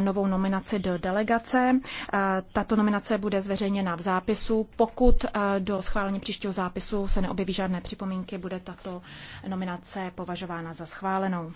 novou nominaci do delegace. Tato nominace bude zveřejněna v zápisu. Pokud do schválení příštího zápisu se neobjeví žádné připomínky, bude tato nominace považována za schválenou.